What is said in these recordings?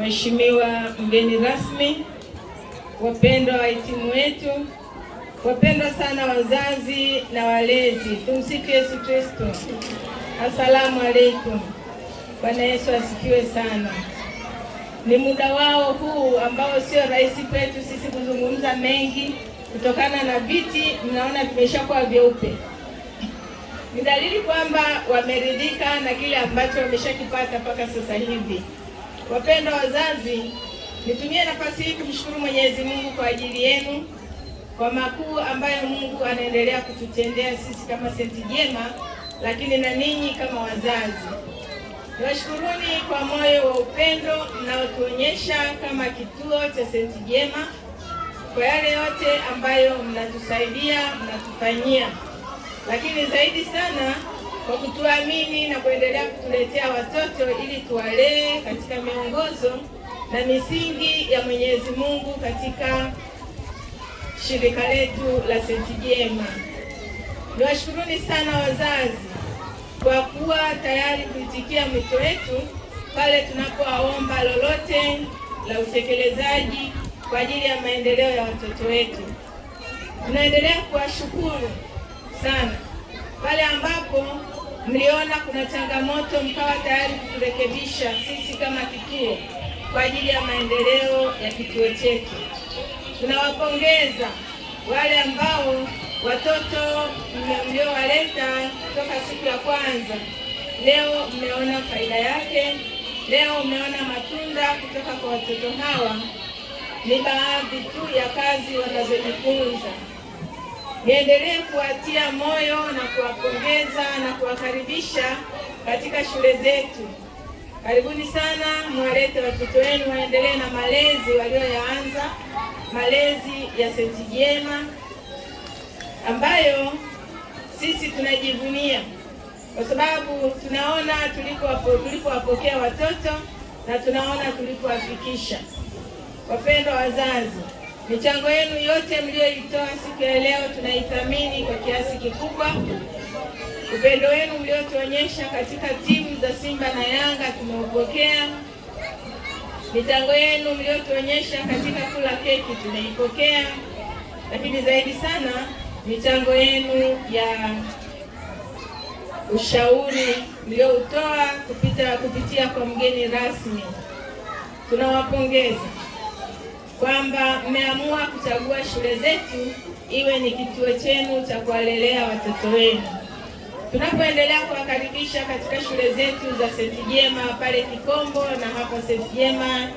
Mheshimiwa mgeni rasmi, wapendwa wahitimu wetu, wapendwa sana wazazi na walezi, tumsifu Yesu Kristo. Asalamu alaikum. Bwana Yesu asifiwe sana. Ni muda wao huu ambao sio rahisi kwetu sisi kuzungumza mengi kutokana na viti, mnaona vimeshakuwa vyeupe. Ni dalili kwamba wameridhika na kile ambacho wameshakipata mpaka sasa hivi. Wapendwa wazazi, nitumie nafasi hii kumshukuru Mwenyezi Mungu kwa ajili yenu kwa makuu ambayo Mungu anaendelea kututendea sisi kama Senti Jema, lakini na ninyi kama wazazi. Niwashukuruni kwa moyo wa upendo mnaotuonyesha kama kituo cha Senti Jema kwa yale yote ambayo mnatusaidia, mnatufanyia, lakini zaidi sana kwa kutuamini na kuendelea kutuletea watoto ili tuwalee katika miongozo na misingi ya Mwenyezi Mungu katika shirika letu la St. Jema. Niwashukuruni sana wazazi kwa kuwa tayari kuitikia mwito wetu pale tunapowaomba lolote la utekelezaji kwa ajili ya maendeleo ya watoto wetu. Tunaendelea kuwashukuru sana pale ambapo mliona kuna changamoto, mkawa tayari kuturekebisha sisi kama kituo kwa ajili ya maendeleo ya kituo chetu. Tunawapongeza wale ambao watoto mliowaleta kutoka siku ya kwanza, leo mmeona faida yake, leo mmeona matunda kutoka kwa watoto hawa. Ni baadhi tu ya kazi wanazojifunza niendelee kuwatia moyo na kuwapongeza na kuwakaribisha katika shule zetu. Karibuni sana, mwalete watoto wenu waendelee na malezi walioyaanza, malezi ya Senti Jema ambayo sisi tunajivunia kwa sababu tunaona tulipowapokea watoto na tunaona tulipowafikisha. Wapendwa wazazi Michango yenu yote mlioitoa siku ya leo tunaithamini kwa kiasi kikubwa. Upendo wenu mliotuonyesha katika timu za Simba na Yanga tumeupokea. Michango yenu mliotuonyesha katika kula keki tumeipokea, lakini zaidi sana michango yenu ya ushauri mlioutoa kupita kupitia kwa mgeni rasmi tunawapongeza kwamba mmeamua kuchagua shule zetu iwe ni kituo chenu cha kuwalelea watoto wenu. Tunapoendelea kuwakaribisha katika shule zetu za St. Jema pale Kikombo na hapa St. Jema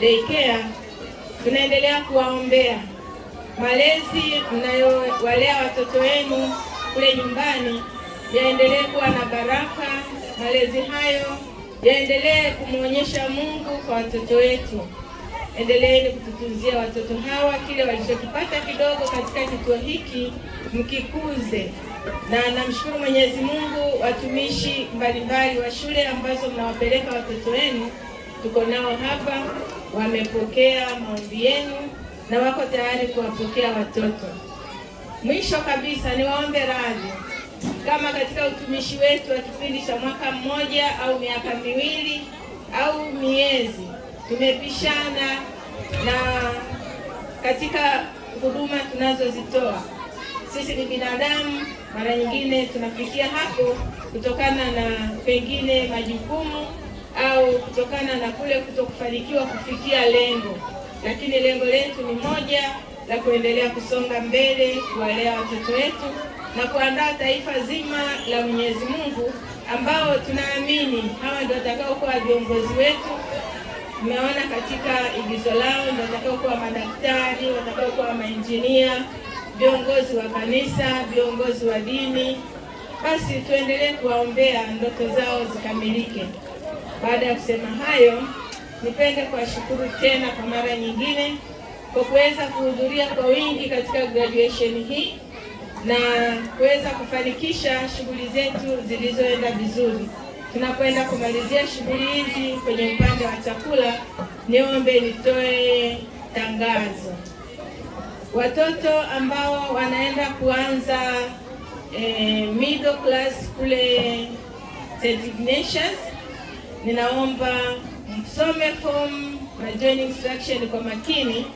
Daycare, tunaendelea kuwaombea malezi mnayowalea watoto wenu kule nyumbani yaendelee kuwa na baraka. Malezi hayo yaendelee kumwonyesha Mungu kwa watoto wetu. Endeleeni kututunzia watoto hawa, kile walichokipata kidogo katika kituo hiki mkikuze, na namshukuru Mwenyezi Mungu watumishi mbalimbali wa shule ambazo mnawapeleka watoto wenu, tuko nao hapa, wamepokea maombi yenu na wako tayari kuwapokea watoto. Mwisho kabisa, niwaombe radhi kama katika utumishi wetu wa kipindi cha mwaka mmoja au miaka miwili au miezi tumepishana na katika huduma tunazozitoa sisi ni binadamu, mara nyingine tunafikia hapo kutokana na pengine majukumu au kutokana na kule kutokufanikiwa kufikia lengo, lakini lengo letu ni moja la kuendelea kusonga mbele, kuwalea watoto wetu na kuandaa taifa zima la Mwenyezi Mungu ambao tunaamini hawa ndio watakaokuwa viongozi wetu mmeona katika igizo lao, ndio watakao kuwa madaktari, watakao kuwa mainjinia, viongozi wa kanisa, viongozi wa dini. Basi tuendelee kuwaombea ndoto zao zikamilike. Baada ya kusema hayo, nipende kuwashukuru tena kwa mara nyingine kwa kuweza kuhudhuria kwa wingi katika graduation hii na kuweza kufanikisha shughuli zetu zilizoenda vizuri. Tunapoenda kumalizia shughuli hizi kwenye upande wa chakula, niombe nitoe tangazo. Watoto ambao wanaenda kuanza eh, middle class kule St. Ignatius, ninaomba msome form na join instruction kwa makini.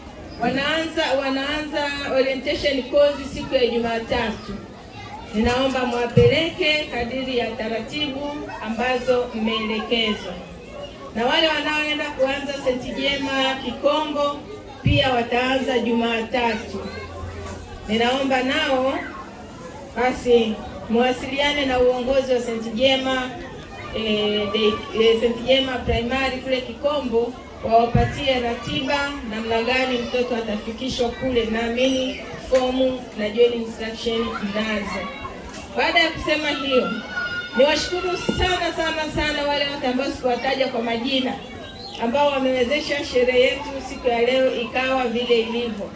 Wanaanza wanaanza orientation course siku ya Jumatatu. Ninaomba mwapeleke kadiri ya taratibu ambazo mmeelekezwa, na wale wanaoenda kuanza senti jema Kikongo pia wataanza Jumatatu. Ninaomba nao basi mwasiliane na uongozi wa senti jema E, e, St. Jema Primary kule Kikombo wawapatie ratiba namna gani mtoto atafikishwa kule. Naamini fomu na joining instruction inazo. Baada ya kusema hiyo, niwashukuru sana sana sana wale wote ambao sikuwataja kwa majina ambao wamewezesha sherehe yetu siku ya leo ikawa vile ilivyo.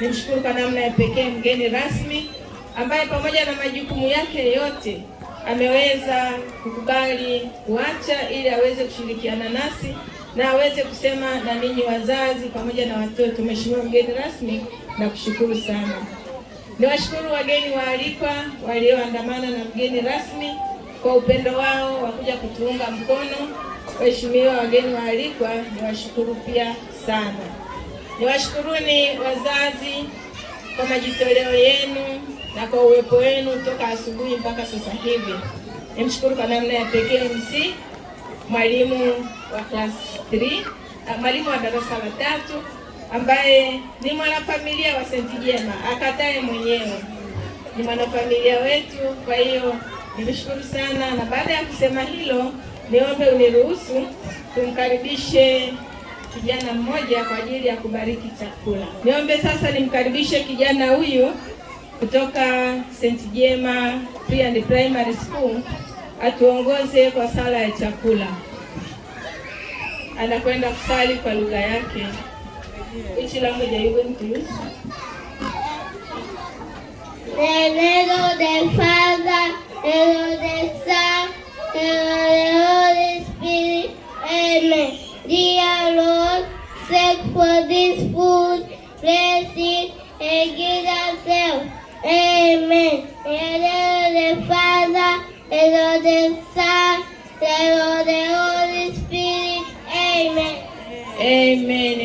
Nimshukuru kwa namna ya pekee mgeni rasmi ambaye pamoja na majukumu yake yote ameweza kukubali kuacha ili aweze kushirikiana nasi na aweze kusema na ninyi wazazi pamoja na watoto. Mheshimiwa mgeni rasmi, nakushukuru sana. Niwashukuru wageni waalikwa walioandamana na mgeni rasmi kwa upendo wao wa kuja kutuunga mkono. Waheshimiwa wageni waalikwa, niwashukuru pia sana. Niwashukuruni wazazi kwa majitoleo yenu na kwa uwepo wenu toka asubuhi mpaka sasa hivi. Nimshukuru kwa namna ya pekee MC mwalimu wa class 3, mwalimu wa darasa la tatu ambaye ni mwanafamilia wa Senti Jema, akatae mwenyewe, ni mwanafamilia wetu. Kwa hiyo nimeshukuru sana, na baada ya kusema hilo, niombe uniruhusu tumkaribishe kijana mmoja kwa ajili ya kubariki chakula. Niombe sasa nimkaribishe kijana huyu kutoka Senti Jema Pre and Primary School atuongoze kwa sala ya chakula. Anakwenda kusali kwa lugha yake. Which language are you going to use? Dedo the Father, Dedo del Son, the Holy Spirit. Amen. Dear Lord, thank for this food. Bless it and give ourselves. Amen. Dedo the Father, the Dedo the Son, Dedo del Holy Spirit. Amen. Amen.